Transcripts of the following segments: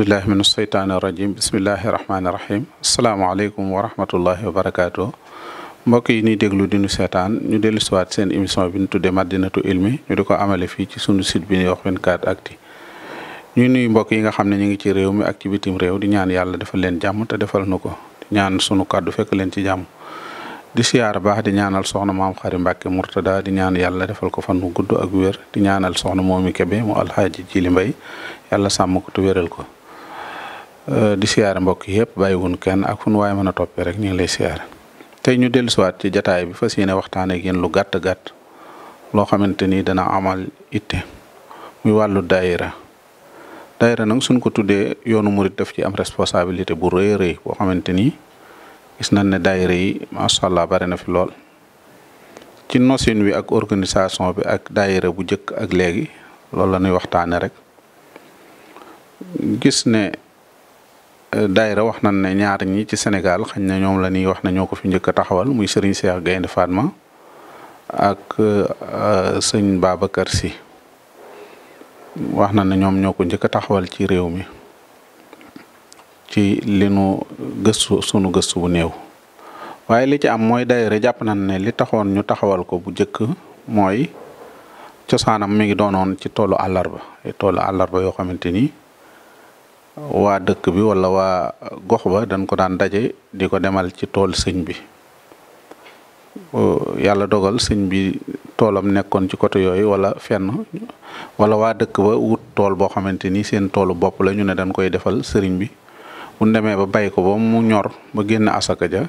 billahi min asheytaani irajim bismillahi rahmaaniirahim asalaamaaleykum wa rahmatullahi wa barakaatu mbokk yi ñuy déglu di ñu seetaan ñu dellu siwaat seen émission bi ñu tuddee madinatu ilmi ñu di ko amale fi ci sunu site bi ñuy wax ak actu ñu nuyu mbokk yi nga xam ne ñu ngi ci réew mi ak ci bitim réew di ñaan yàlla defal leen jàmm te defal nu ko di ñaan sunu kàddu fekk leen ci jàmm di siyaar baax di ñaanal soxna maam xari mbàkke murtada di ñaan yàlla defal ko fan wu gudd ak wér di ñaanal soxna moomi kebe mu alxaaji jili mbay yàlla sàmm ko ko Euh, di siyaare mbokk yëpp bàyyiwun kenn ak fu nu waaye mën a toppee rek ñu ngi lay siyaare tey ñu dellusiwaat ci jataay bi fas yéene waxtaan ak lu gàtt gàtt loo xamante ni dana amal ite muy wàllu daayira daayira nag suñ ko tuddee yoonu murit daf ci am responsabilité bu rëy rëy boo xamante ni gis nañ ne daayira yi macha allah bare na fi lool ci nosin ak organisation bi ak daayira bu njëkk ak léegi loolu la ñuy rek gis ne daayira wax nañ ne ñaar ñi ci Sénégal xañ na ñoom la ñuy wax na ko fi njëkk a taxawal muy Serigne Cheikh Gaynde Fatma ak euh, sëñ Babacar Sy wax na ne ñoom ñoo ko njëkk a taxawal ci réew mi ci li nu gëstu sunu gëstu bu néew waaye li ci am mooy daayira jàpp nañ ne li taxoon ñu taxawal ko bu njëkk mooy cosaanam mi ngi doonoon ci toolu àllarba àllarba yoo xamante ni. waa dëkk bi walla waa gox ba dañ ko daan daje di ko demal ci tool sëñ bi yàlla dogal sëñ bi toolam nekkoon ci côté yooyu wala fenn wala waa dëkk ba wut tool boo xamante ni seen toolu bopp la ñu ne dañ koy defal sëriñ bi bu ñu demee ba bay ko ba mu ñor ba génn asaka ja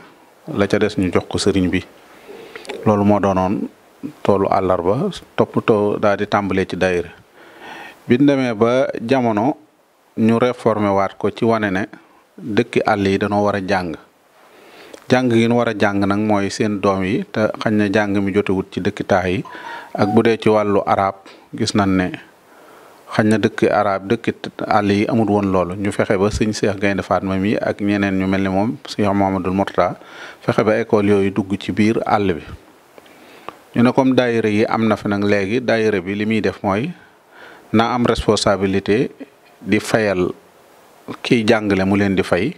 la ca des ñu jox ko sëriñ bi loolu moo doonoon toolu àllarba toppatoo daal di tàmbalee ci daayira bi ñu ba jamono ñu réformé waat ko ci wane ne dëkki àll yi dañoo war a jàng jàng gi ñu war a jàng nag mooy seen doom yi te xañ na jàng mi jotewut ci dëkki taax yi ak bu dee ci wàllu arab gis na ne xañ na dëkki arab dëkki àll yi amul woon loolu ñu fexe ba sëñ Seex Gaynde Fatma mi ak ñeneen ñu mel ni moom Seex Mamadul Murta fexe ba école yooyu dugg ci biir àll bi ñu ne comme daayira yi am na fi nag léegi daayira bi li muy def mooy na am responsabilité di fayal kiy jàngale mu leen di fay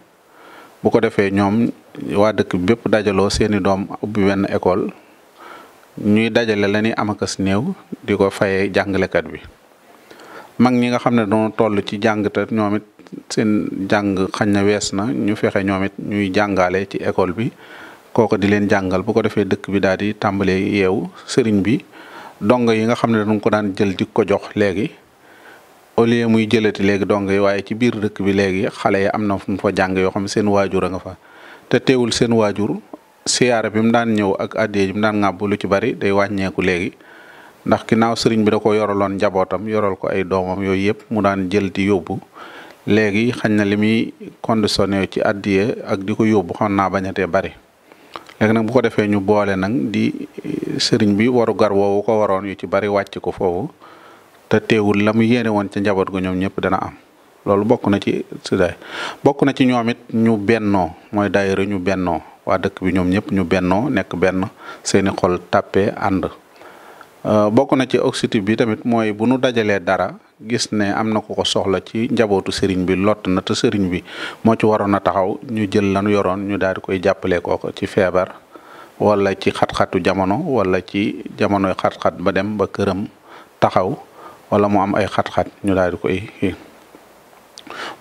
bu ko defee ñoom waa dëkk bi bépp dajaloo seeni doom ubbi benn école ñuy dajale la amakas néew di ko fayee jàngalekat bi mag ñi nga xam ne dañoo toll ci jàng te ñoom it seen jàng xañ na wees na ñu fexe ñoom it ñuy jàngaale ci école bi kooko di leen jàngal bu ko defee dëkk bi daal di tàmbalee yeewu sëriñ bi dongo yi nga xam ne dañu ko daan jël di ko jox léegi au lieu muy jëlati léegi dong yi waaye ci biir dëkk bi léegi xale yi am na fu mu fa jàng yoo xam seen waajur a nga fa te teewul seen waajur siyaara bi mu daan ñëw ak addiya bi mu daan ŋàbb lu ci bari day wàññeeku léegi ndax ginnaaw sëriñ bi da ko yoraloon njabootam yoral ko ay doomam yooyu yëpp mu daan jël di yóbbu léegi xañ na li muy conditionné ci addiya ak di ko yóbbu xam naa bañatee bari léegi nag bu ko defee ñu boole nag di eh, sëriñ bi waru gar woowu ko waroon yu ci bari wàcc ko foofu te teewul la mu yéene woon ci njaboot gu ñoom ñëpp dana am loolu bokk na ci si bokk na ci ñoom it ñu bennoo mooy daayira ñu bennoo waa dëkk bi ñoom ñëpp ñu bennoo nekk benn seeni xol tàppee ànd euh, bokk na ci oxytube bi tamit mooy bu nu dajalee dara gis ne am na ku ko soxla ci njabootu sëriñ bi lott na te sëriñ bi moo ci waroon a taxaw ñu jël lanu yoroon ñu daal di koy jàppale kooku ci feebar walla ci xat-xatu jamono walla ci jamonoy xat-xat ba dem ba këram taxaw wala mu am ay xat-xat ñu daal koy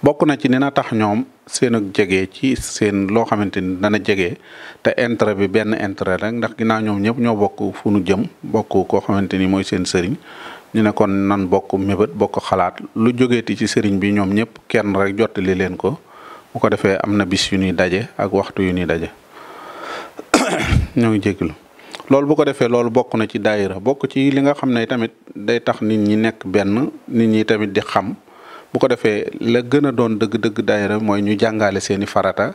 bokk na ci dina tax ñoom seen ak jege ci seen loo xamante ni dana jege te intérêt bi benn intérêt rek ndax ginnaaw ñoom ñëpp ñoo bokk fu nu jëm bokk koo xamante ni mooy seen sëriñ ñu ne kon nan bokk mébét bokk xalaat lu jógeeti ci sëriñ bi ñoom ñëpp kenn rek jottali leen ko bu ko defee am na bis yu nuy daje ak waxtu yu ñuy daje ñoo ngi jégalu loolu bu ko defee loolu bokk na ci daayira bokk ci li nga xam ne tamit day tax nit ñi nekk benn nit ñi tamit di xam bu ko defee la gën a doon dëgg-dëgg daayira mooy ñu jàngale seeni farata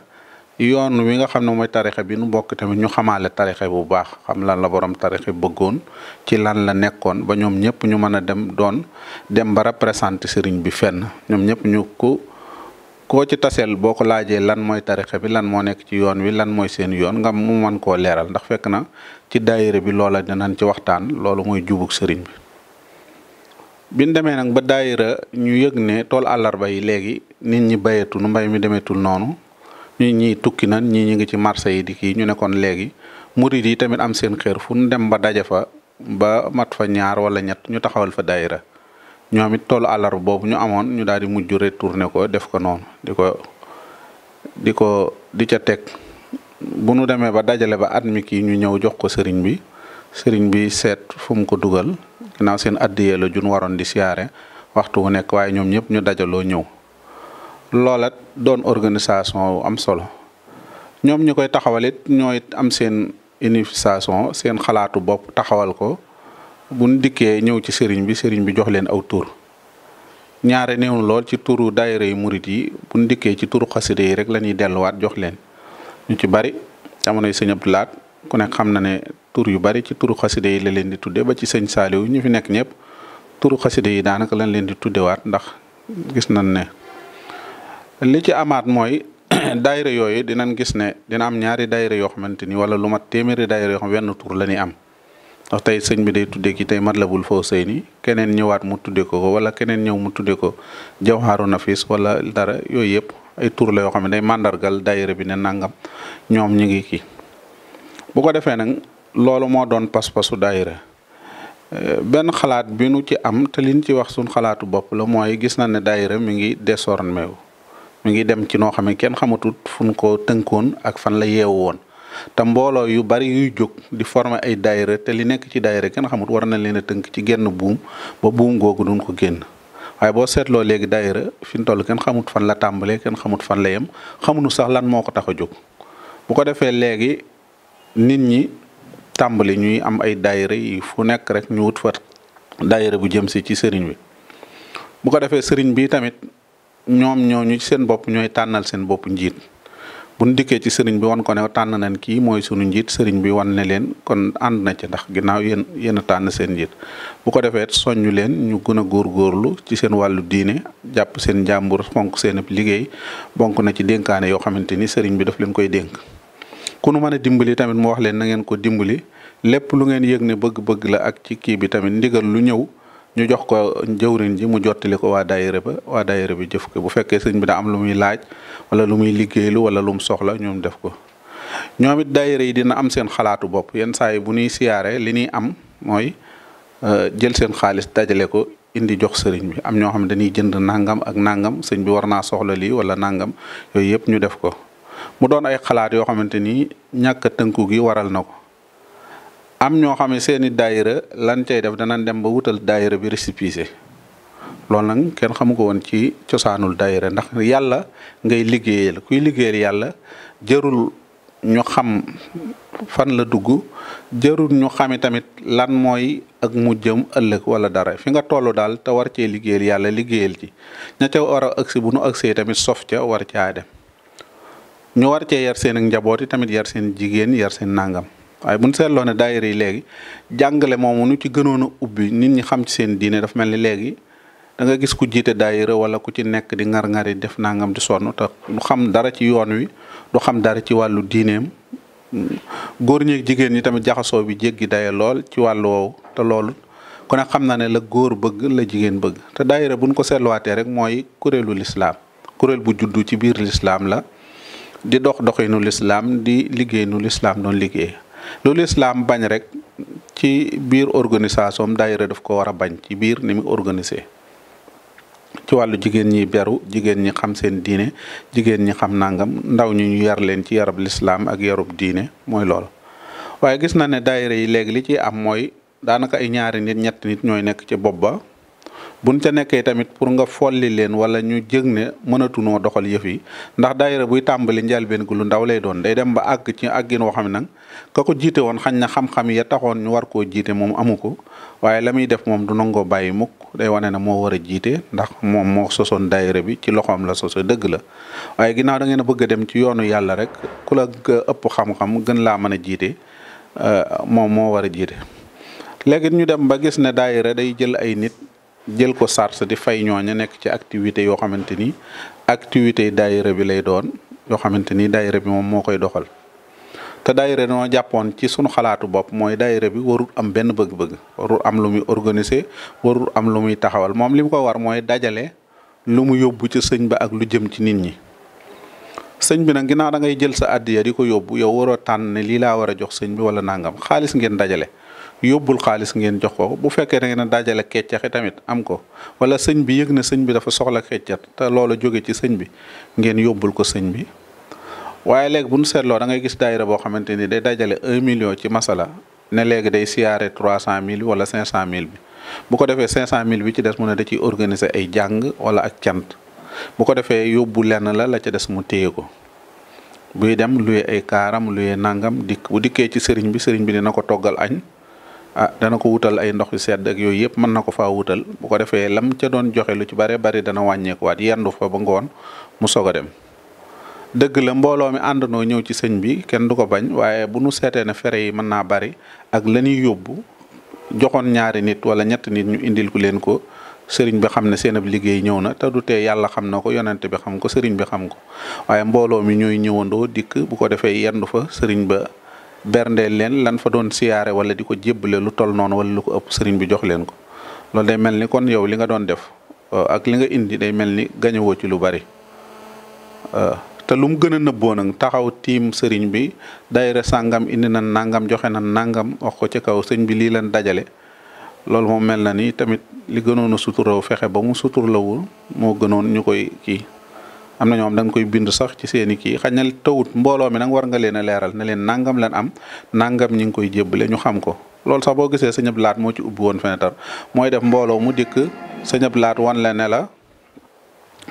yoon wi nga xam ne mooy tarixe bi nu bokk tamit ñu xamaale tarixe bu baax xam lan la borom tarixe bëggoon ci lan la nekkoon ba ñoom ñëpp ñu mën a dem doon dem bara représenté sëriñ bi fenn ñoom ñëpp ñu ko. koo ci taseel boo ko laajee lan mooy tarixa bi lan moo nekk ci yoon wi lan mooy seen yoon nga mu mën koo leeral ndax fekk na ci daayira bi loola dinañ ci waxtaan loolu mooy jubug sëriñ bi biñ demee nag ba daayira ñu yëg ne tool àllarba yi léegi nit ñi bayetu nu mbay mi demeetul noonu ñi tukki nan ñii ñu ngi ci marché yi di kii ñu nekkoon kon léegi murid yi tamit am seen xër fu ñu dem ba daje fa ba mat fa ñaar wala ñett ñu taxawal fa daayira ñoom it toolu àllarba boobu ñu amoon ñu daal di mujj retourné ko def ko noonu di ko di ko di ca teg bu nu demee ba dajale ba at mi kii ñu ñëw jox ko sëriñ bi sëriñ bi seet fum ko dugal ginnaaw seen addiyee la jun waroon di siyaare waxtu wu nekk waaye ñoom ñëpp ñu dajaloo ñëw loola doon organisation am solo ñoom ñu koy taxawal it am seen unification seen xalaatu bopp taxawal ko bu dikkee ñëw ci sëriñ bi sëriñ bi jox leen aw tur ñaare néew lool ci turu daayira yu murit yi buñ dikkee ci turu xasida yi rek la ñuy delluwaat jox leen ñu ci bari jamonoy sëñ Abdou Lahat ku nekk xam na ne tur yu bari ci turu xasida yi la leen di tudde ba ci sëñ Saaliw ñu fi nekk ñëpp turu xasida yi daanaka lañ leen di tuddewaat ndax gis nañ ne li ci amaat mooy daayira yooyu dinañ gis ne dina am ñaari dayre yoo xamante ni wala lu mat téeméeri daayira yoo xam wenn tur la ñuy am ndax tey sëñ bi day tuddee ki tey matlabul foo sëy ni keneen ñëwaat mu tuddee ko wala keneen ñëw mu tuddee ko jawharu nafis wala dara yooyu yëpp ay tur la yoo xam ne day màndargal dayre bi ne nangam ñoom ñu ngi kii bu ko defee nag loolu moo doon pas-pasu daayira eh, benn xalaat bi nu ci am te liñ ci wax suñ xalaatu bopp la mooy gis na ne daayira mi ngi désormé meew mi ngi dem ci noo xam ne kenn xamatut fu ñu ko tënkoon ak fan la yeewu woon te mbooloo yu bari yuy jóg di former ay daayira te li nekk ci daayira kenn xamut war nañ leen a tënk ci genn buum ba buum googu duñ ko génn waaye boo seetloo léegi daayira fi ñu toll kenn xamut fan la tàmbalee kenn xamut fan la yem xamuñu sax lan moo ko tax a jóg bu ko defee léegi nit ñi tàmbali ñuy am ay daayira yi fu nekk rek ñu wut fa daayira bu jëm si ci sëriñ bi bu ko defee sëriñ bi tamit ñoom ñoo ñu seen bopp ñooy tànnal seen bopp njiit buñ dikkee ci sëriñ bi wan ko tànn nañ kii mooy sunu njiit sëriñ bi wan ne leen kon ànd na ci ndax ginnaaw yéen yéen a tànn seen njiit bu ko defee soññu leen ñu gën a góorgóorlu ci seen wàllu diine jàpp seen njàmbur fonk seen liggéey bonk na ci dénkaane yoo xamante ni sëriñ bi def leen koy dénk ku nu mën a dimbali tamit mu wax leen na ngeen ko dimbali lépp lu ngeen yëg ne bëgg-bëgg la ak ci kii bi tamit ndigal lu ñëw ñu jox ko jëwrin ji mu jottali ko waa daayira ba wa daayira bi jëf ko bu fekkee sëñ bi da am lu muy laaj wala lu muy liggéeylu wala lu soxla ñoom def ko ñoom it daayira yi dina am seen xalaatu bopp yenn saa yi bu ñuy siyaaree li nuy am mooy euh, jël seen xaalis dajale ko indi jox sëriñ bi am ñoo xam dañuy jënd nangam ak nangam sëñ bi war naa soxla lii wala nangam yooyu yëpp ñu def ko mu doon ay xalaat yoo xamante ni ñàkk tënku gi waral na ko am ñoo xam ne seen i daayira lan cay def danañ dem ba wutal daayira bi récépissé loolu nag kenn xamu ko woon ci cosaanul daayira ndax yàlla ngay liggéeyal kuy liggéeyal yàlla jërul ñu xam fan la dugg jërul ñu xami tamit lan mooy ak mu jëm ëllëg wala dara fi nga toll daal te war cee liggéeyal yàlla liggéeyal ci ña ca war agsi bu nu agsee tamit sof ca war caa dem ñu war cee yar seen ak njaboot yi tamit yar seen jigéen yar seen nangam. waaye bu ñu seetloo ne daayira yi léegi jàngale moomu nu ci gënoon ubbi nit ñi xam ci seen diine dafa mel ni léegi da gis ku jiite daayira wala ku ci nekk di ngar-ngari def nangam di sonn te du xam dara ci yoon wi du xam dara ci wàllu diineem góor ñi jigéen ñi tamit jaxasoo bi jéggi day lool ci wàllu woowu te loolu ku ne xam na ne la góor bëgg la jigéen bëgg te daayira buñ ko seetluwaatee rek mooy kuréelu lislaam kuréel bu juddu ci biir lislaam la di dox doxinu lislaam di liggéey lislaam doon liggéey loolu islaam bañ rek ci biir organisation am daayira daf ko war a bañ ci biir ni mu ci wàllu jigéen ñi beru jigéen ñi xam seen diine jigéen ñi xam nangam ndaw ñu ñu yar leen ci yarab lislaam ak yarub diine mooy lool waaye gis na ne daayira yi léegi li ci am mooy daanaka ay ñaari nit ñetti nit ñooy nekk ci bopp ba buñ ca nekkee tamit pour nga folli leen wala ñu jëg ne mënatunoo doxal yëf yi ndax daayira buy tàmbali njëlbeen gu lu ndaw lay doon day dem ba àgg ci àggin woo xam ne nag ka ko jiite woon xañ na xam-xam ya taxoon ñu war koo jiite moom amu ko waaye la def moom du nangoo bàyyi mukk day wane ne moo war a jiite ndax moom moo sosoon daayira bi ci loxoom la soso dëgg la waaye ginnaaw da ngeen bëgg a dem ci yoonu yàlla rek ku la ëpp xam gën laa mën a jiite euh, moom moo war a jiite ñu dem ba gis ne daayira day jël ay nit jël ko sars di fay ñooña nekk ci activité yoo xamante ni activité daayira bi lay doon yoo xamante ni daayira bi moom moo koy doxal te daayira noo jàppoon ci sunu xalaatu bopp mooy daayira bi warul am benn bëgg-bëgg warul am lu muy organiser warul am lu muy taxawal moom lim mu ko war mooy dajale lu mu yóbbu ci sëñ ba ak lu jëm ci nit ñi sëñ bi nag ginnaaw da ngay jël sa addiya di ko yóbbu yow waroo tànn ne lii laa war a jox sëñ bi wala nangam xaalis ngeen dajale yóbbul xaalis ngeen jox ko bu fekkee da ngeen a dajale keccax i tamit am ko wala sëñ bi yëg na sëñ bi dafa soxla keccax te a jóge ci sëñ bi ngeen yóbbul ko sëñ bi waaye léegi bu ñu seetloo dangay gis daayira boo xamante ni day dajale un million ci masala ne léegi day siyaare trois cent mille wala cinq mille bi bu ko defee cinq cent mille bi ci des mu ne da ciy ay jàng wala ak cant bu ko defee yóbbu lenn la la ca des mu téye ko buy dem luye ay kaaram luye nangam dikk bu dikkee ci sëriñ bi sëriñ bi dina ko toggal añ ah dana ko wutal ay ndox yu sedd ak yooyu yëpp mën na ko fa wutal bu ko defee lam ca doon joxe lu ci bare bari dana wàññeekuwaat yendu fa ba ngoon mu soog a dem. dëgg la mbooloo mi àndandoo ñëw ci sëñ bi kenn du ko bañ waaye bu nu seetee ne fere yi mën naa bari ak la yóbbu joxoon ñaari nit wala ñett nit ñu indil leen ko. sëriñ bi xam ne seen ab liggéey ñëw na te du te yàlla xam na ko yonent bi xam ko sëriñ bi xam ko waaye mbooloo mi ñuy ñëwandoo dikk bu ko defee yendu fa sëriñ ba berndeel leen lan fa doon siyaare wala di ko jébbale lu tol noonu wala lu ko ëpp sëriñ bi jox leen ko loolu day mel ni kon yow li nga doon def uh, ak li nga indi day mel ni gañewoo ci lu bari uh, te lu mu gën a nëbboo nag taxaw tiim sëriñ bi daayira sàngam indi na nangam joxe na nangam wax ko ci kaw sëñ bi lii lan dajale. loolu moom mel na ni tamit li gënoon a wu fexe ba mu suturlawul moo gënoon ñu koy kii am na ñoom da koy bind sax ci seen i kii xañ na tawut mbooloo mi nag war nga leen a leeral ne leen nangam lan am nangam ñi ngi koy jébbale ñu xam ko loolu sax boo gisee sëñ Ablaat moo ci ubbi woon fenêtre mooy def mbooloo mu dikk sëñ Ablaat wan la ne la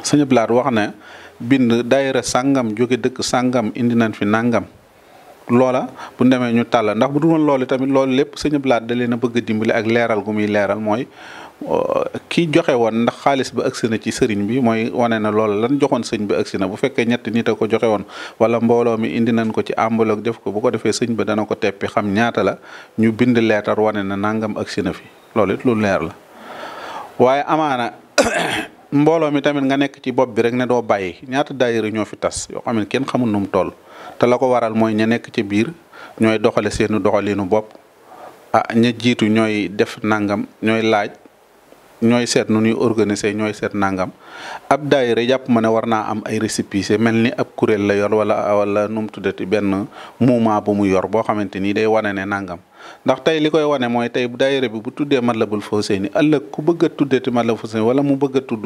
sëñ Ablaat wax ne bind daayira sàngam jóge dëkk sangam indi nañ fi nangam loola bu ñu demee ñu tàll ndax bu du woon lool tamit lépp sëñ Blaat da leen a bëgg a dimbali ak leeral gu muy leeral mooy euh, ki joxe woon ndax xaalis ba agsi na ci sëriñ bi mooy wane na loolu lan joxoon sëñ bi agsi na bu fekkee ñetti nit a ko joxe woon wala mbooloo mi indi nañ ko ci ambaloog def ko bu ko defee sëñ ba dana ko teppi xam ñaata la ñu bind leetar wane na nangam agsi na fi loolu it lu leer la waaye amaana mbooloo mi tamit nga nekk ci bopp bi rek ne doo bàyyi ñaata daayira ñoo fi tas yoo xam ne kenn xamul nu mu toll. te la ko waral mooy ña nekk ci biir ñooy doxale seeni doxaliinu bopp ah ña jiitu ñooy def nangam ñooy laaj ñooy seet nu ñuy organiser ñooy seet nangam ab daayira jàpp ma ne war naa am ay récépissé mel ni ab kuréel la yor wala wala nu mu tuddati benn moment bu mu yor boo xamante ni day wane ne nangam ndax tey li koy wane mooy tey daayira bi bu tuddee Matlabul Fawzayni ëllëg ku bëgg a tuddati Matlabul Fawzayni wala mu bëgg a tudd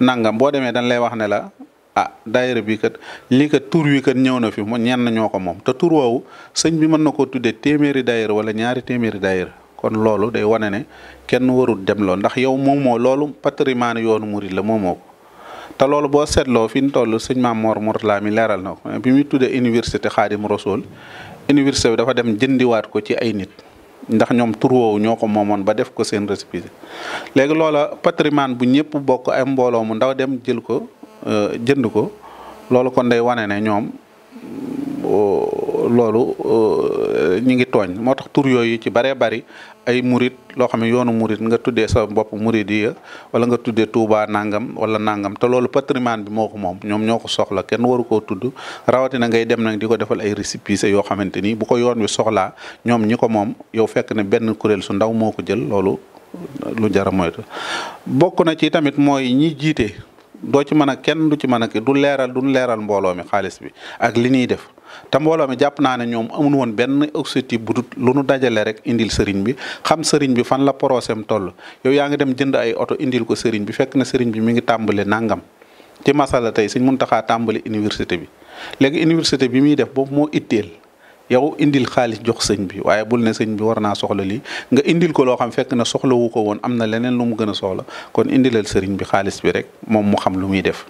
nangam boo demee dañ lay wax ne la. ah daayira bi kat lii kat tur wi kat ñëw na fi mu ñenn ñoo ko moom te tur woowu sëñ bi mën na koo tudde téeméeri daayira wala ñaari téeméeri daayira kon loolu day wane ne kenn warul dem loo ndax yow moomoo loolu patrimoine yoonu murid la moomoo ko te loolu boo seetloo fi ñu toll sëñ Maam Mor Mourtala mi leeral na ko bi muy tuddee université Xaadim Rasoul université bi dafa dem jëndiwaat ko ci ay nit ndax ñoom tur woowu ñoo ko moomoon ba def ko seen récépissé léegi loola patrimoine bu ñëpp bokk ay mbooloo mu ndaw dem jël ko Euh, jënd ko loolu kon day wane ne ñoom euh, loolu euh, ñi ngi tooñ moo tax tur yooyu ci baree bari ay murit loo xam ne yoonu murit nga tuddee sa mbopp murit yi wala nga tudde Touba nangam wala nangam te loolu patrimoine bi moo ko moom ñoom ñoo ko soxla kenn waru koo tudd rawatina ngay dem nag di ko defal ay récépissé yoo xamante ni bu ko yoon wi soxlaa ñoom ñi ko moom yow fekk ne benn kuréel su ndaw moo ko jël loolu lu jara moytu bokk na ci tamit mooy ñi jiite. doo ci mën a kenn du ci mën a kii du leeral duñ leeral mbooloo mi xaalis bi ak li ñuy def te mbooloo mi jàpp naa ne ñoom amuñu woon benn objectif bu dut lu nu dajale rek indil sëriñ bi xam sëriñ bi fan la porosem toll yow yaa ngi dem jënd ay oto indil ko sëriñ bi fekk na sëriñ bi mu ngi tàmbale nangam ci masala tey mun Muntaxa tàmbali université bi léegi université bi muy def boobu moo itteel yow indil xaalis jox sëñ bi waaye bul ne sëñ bi war naa soxla lii nga indil ko loo xam fekk na soxla wu ko woon am na leneen lu mu gën a soxla kon indilal sëriñ bi xaalis bi rek moom mu xam lu muy def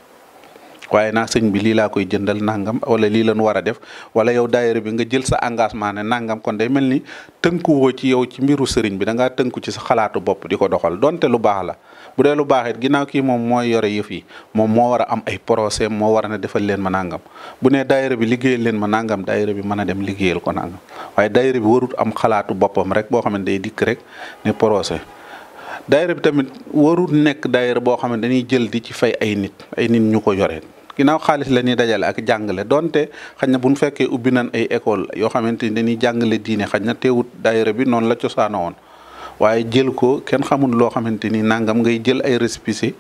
waaye na sëñ bi lii laa koy jëndal nangam wala lii lañ war a def wala yow daayira bi nga jël sa engagement ne nangam kon day mel ni tënkuwoo ci yow ci mbiru sëriñ bi da tënku ci sa xalaatu bopp di ko doxal donte lu baax la bu dee lu baax it ginnaaw kii moom mooy yore yofi moom moo war a am ay procès moo wara na defal leen ma nangam bu nee daayira bi liggéeyal leen ma nangam daayira bi mën a dem liggéeyal ko nangam waaye daayira bi warut am xalaatu boppam rek boo xam ne dikk rek ne procès daayira bi tamit warut nekk daayira boo xam ne dañuy jël di ci fay ay nit ay nit ñu ko yoreen ginnaaw xaalis la ñuy dajale ak jàngale donte xañ na bu ñu fekkee ubbi nañ ay école yoo xamante ni dañuy jàngale diine xaj na teewut daayira bi noonu la cosaanoo woon waaye jël ko kenn xamul loo xamante ni nangam ngay jël ay récépissé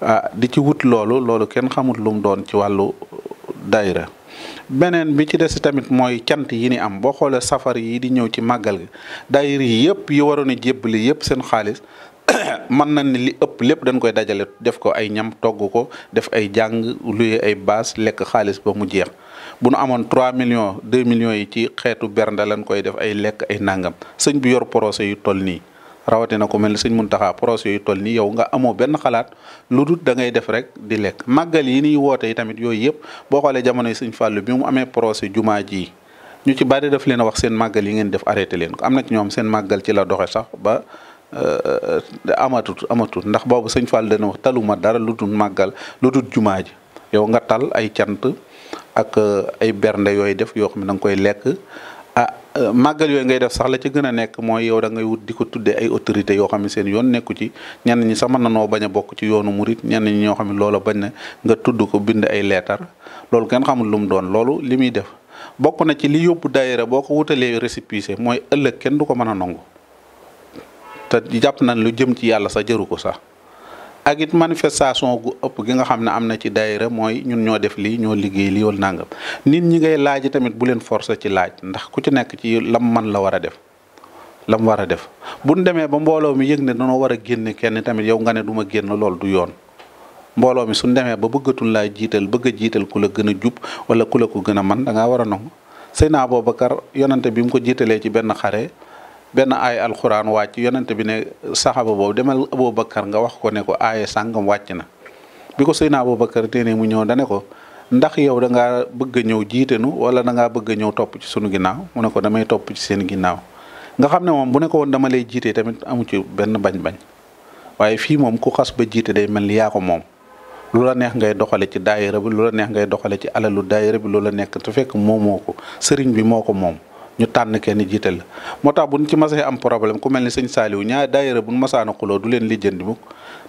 ah di ci wut loolu loolu kenn xamul lu doon ci wàllu daayira beneen bi ci des tamit mooy cant yi ni am boo xoolee safar yi di ñëw ci màggal gi daayira yi yëpp yi waroon a jébbali yëpp seen xaalis mën na ni li ëpp lépp dañ koy dajale def ko ay ñam togg ko def ay jàng luye ay baas lekk xaalis ba mu jeex bu nu amoon 3 millions 2 millions yi ci xeetu bernda lañ koy def ay lekk ay nangam sëñ bi yor procès yu toll nii rawatina ko mel ni sëñ Muntaxa projet yu toll nii yow nga amoo benn xalaat lu dul da ngay def rek di lekk màggal yi niy woote yi tamit yooyu yëpp boo xoolee jamonoy sëñ Fàllu bi mu amee projet jumaa ji ñu ci bari daf leen a wax seen màggal yi ngeen def arrêté leen am na ci seen màggal ci la doxe sax ba euh, amatut amatut ndax boobu sëñ Fall dana wax taluma dara lu dul màggal lu dul jumaa ji yow nga tal ay cant ak euh, ay bernde yooyu def yoo xam ne da nga koy lekk màggal yooyu ngay def sax la ci gën a nekk mooy yow da ngay wut di ko tuddee ay autorités yoo xam ne seen yoon nekku ci ñan ñi sax mën na noo a bokk ci yoonu murit ñenn ñi ñoo xam ne loola bañ na nga tudd ko bind ay leetar loolu kenn xamul lu mu doon loolu li muy def bokk na ci li yóbbu daayira boo ko wutalee récépissé mooy ëllëg kenn du ko mën a nangu te jàpp nañ lu jëm ci yàlla sax jëru ko sax ak it manifestation gu ëpp gi nga xam ne am na ci daayira mooy ñun ñoo def lii ñoo liggéey lii wala nangam nit ñi ngay laaj tamit bu leen forcer ci laaj ndax ku ci nekk ci lam man la war a def lam war a def bu ñu demee ba mbooloo mi yëg ne danoo war a génne kenn tamit yow nga ne duma ma génn loolu du yoon mbooloo mi suñ demee ba bëggatul laa jiital bëgg jiital ku la gën a jub wala ku la ko gën a man da ngaa war a nangu Seydina Abubakar yonante bi mu ko jiitalee ci benn xare benn aay alxuraan wàcc yonent bi ne saxaaba boobu demal Aboubacar nga wax ko ne ko aaye sàngam wàcc na bi ko Seydina Aboubacar téenee mu ñëw dane ko ndax yow danga ngaa bëgg a ñëw jiitenu wala da ngaa bëgg ñëw topp ci sunu ginnaaw mu ne ko damay topp ci seen ginnaaw nga xam ne moom bu ne woon dama lay jiitee tamit amu ci benn bañ-bañ waaye fii moom ku xas ba jiite day mel ni yaa ko moom lu la neex ngay doxale ci daayira bi lu la ngay doxale ci alalu daayira bi lu la nekk te fekk moomoo ko sëriñ bi moo ko moom ñu tànn kenn jiital la moo tax bu ñu ci masee am problème ku mel ni sëñ Saaliw ñaar daayira bu ñu masaana xuloo du leen lijjanti mukk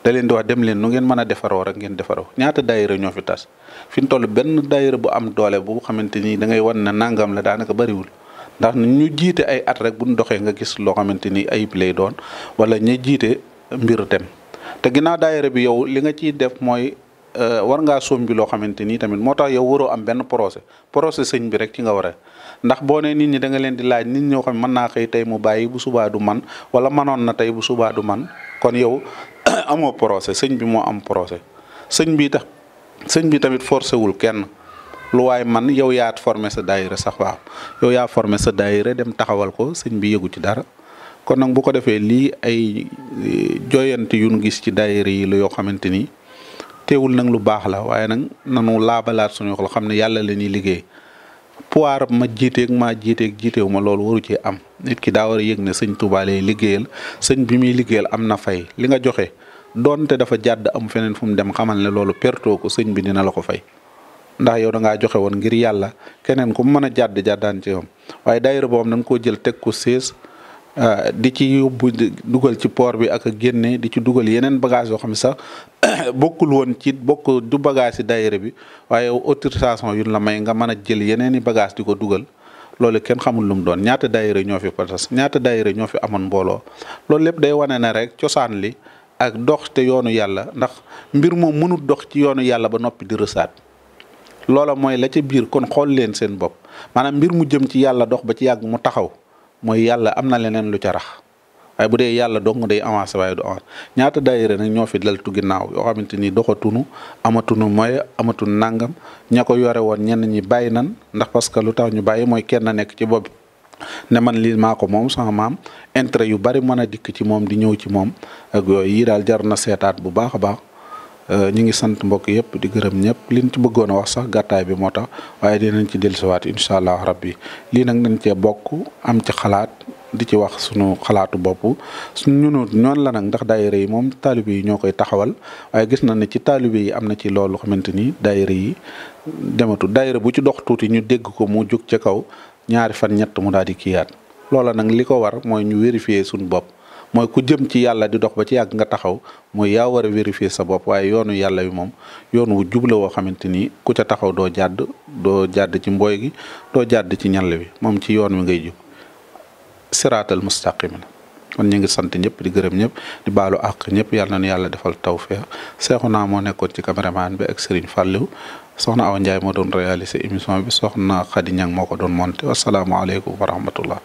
da leen di wax dem leen nu ngeen mën a defaroo rek ngeen defaroo ñaata daayira ñoo fi tas fi ñu toll benn daayira bu am doole bu xamante ni da ngay wan ne nangam la daanaka bariwul ndax ñu jiite ay at rek bu ñu doxee nga gis loo xamante ni ayib lay doon wala ña jiite mbir dem te ginnaaw daayira bi yow li nga ciy def mooy euh, war ngaa sombi loo xamante ni tamit moo tax yow waroo am benn procès procès sëñ bi rek ci nga war ndax boo nee nit ñi da nga leen di laaj nit ñoo xam mën naa xëy tey mu bàyyi bu subaa du man wala manoon na tey bu subaa du man kon yow amoo procès sëñ bi moo am procès sëñ bi tax sëñ bi tamit forcé wul kenn lu waaye man yow yaat formé sa daayira sax waaw yow yaa formé sa daayira dem taxawal ko sëñ bi yëgu ci dara kon nag bu ko defee lii ay eh, joyante yu nu gis ci daayira yi la yoo xamante ni teewul nag lu baax la waaye nag nanu laabalaat suñu xol xam ne yàlla la ñuy liggéey pouvoir ma jiiteeg maa jiiteeg jiiteewu ma loolu waru ci am nit ki daa war a yëg ne sëñ Touba lay liggéeyal sëñ bi muy liggéeyal am na fay li nga joxe doon te dafa jàdd am feneen fu mu dem xamal ne loolu pertoo ko sëñ bi dina la ko fay. ndax yow da ngaa joxe woon ngir yàlla keneen ku mën a jàdd jàddaan ci yow waaye daayira boobu dañ koo jël teg ko sées Euh, di ci yóbbu dugal ci port bi ak génne di ci dugal yeneen bagage yoo xam ne sax bokkul woon ci bokk du bagage yi daayira bi waaye autorisation yu la may nga mën a jël yeneen i bagage di ko dugal loolu kenn xamul lu mu doon ñaata daayira ñoo fi patas ñaata daayira ñoo fi amoon mbooloo loolu lépp day wane ne rek cosaan li ak dox te yoonu yàlla ndax mbir moom mënut dox ci yoonu yàlla ba noppi di rësaat loola mooy la ca biir kon xool leen seen bopp maanaam mbir mu jëm ci yàlla dox ba ci yàgg mu taxaw mooy yàlla am na leneen lu ca waaye bu dee yàlla dong day avancé waaye du avancé ñaata daayira nag ñoo fi laltu ginnaaw yoo xamante ni doxatunu amatunu mooy amatunu nangam ña ko yore woon ñenn ñi bàyyi nan ndax parce que lu tax ñu bàyyi mooy kenn nekk ci bopp ne man lii ko moom sama maam intérêt yu bari mën a dikk ci moom di ñëw ci moom ak yooyu yii daal jar na seetaat bu baax a baax. Euh, ñu ngi sant mbokk yëpp di gërëm ñëpp liñ ci bëggoon a wax sax gàttaay bi moo tax waaye dinañ ci dellusiwaat incha allah rabbi lii nag nañ cee bokk am ci xalaat di ci wax sunu xalaatu bopp suñu ñunu ñoon la nag ndax daayira yi moom taalibe yi ñoo koy taxawal waaye gis na ne ci taalibe yi am na ci loolu xamante ni daayira yi dematu daayira bu ci dox tuuti ñu dégg ko mu jóg ca kaw ñaari fan ñett mu daal di kiyaat loola nag li ko war mooy ñu vérifier suñu bopp mooy ku jëm ci yàlla di dox ba ci yàgg nga taxaw mooy yaa war a vérifier sa bopp waaye yoonu yàlla wi moom yoon wu jubla woo xamante ni ku ca taxaw doo jàdd doo jàdd ci mbooy gi doo jàdd ci ñàll wi moom ci yoon wi ngay jub siraatal mustaqim la kon ñu ngi sant ñëpp di gërëm ñëpp di baalu àq ñëpp yàlla nañu yàlla defal tawfeex seexu naa moo nekkoon ci caméraman bi ak Serigne Fallou soxna Awa njaay moo doon réaliser émission bi soxna Khady Niang moo ko doon monté wasalaamaaleykum wa rahmatullah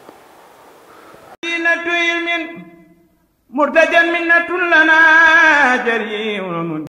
murtajan minnatun lana jariun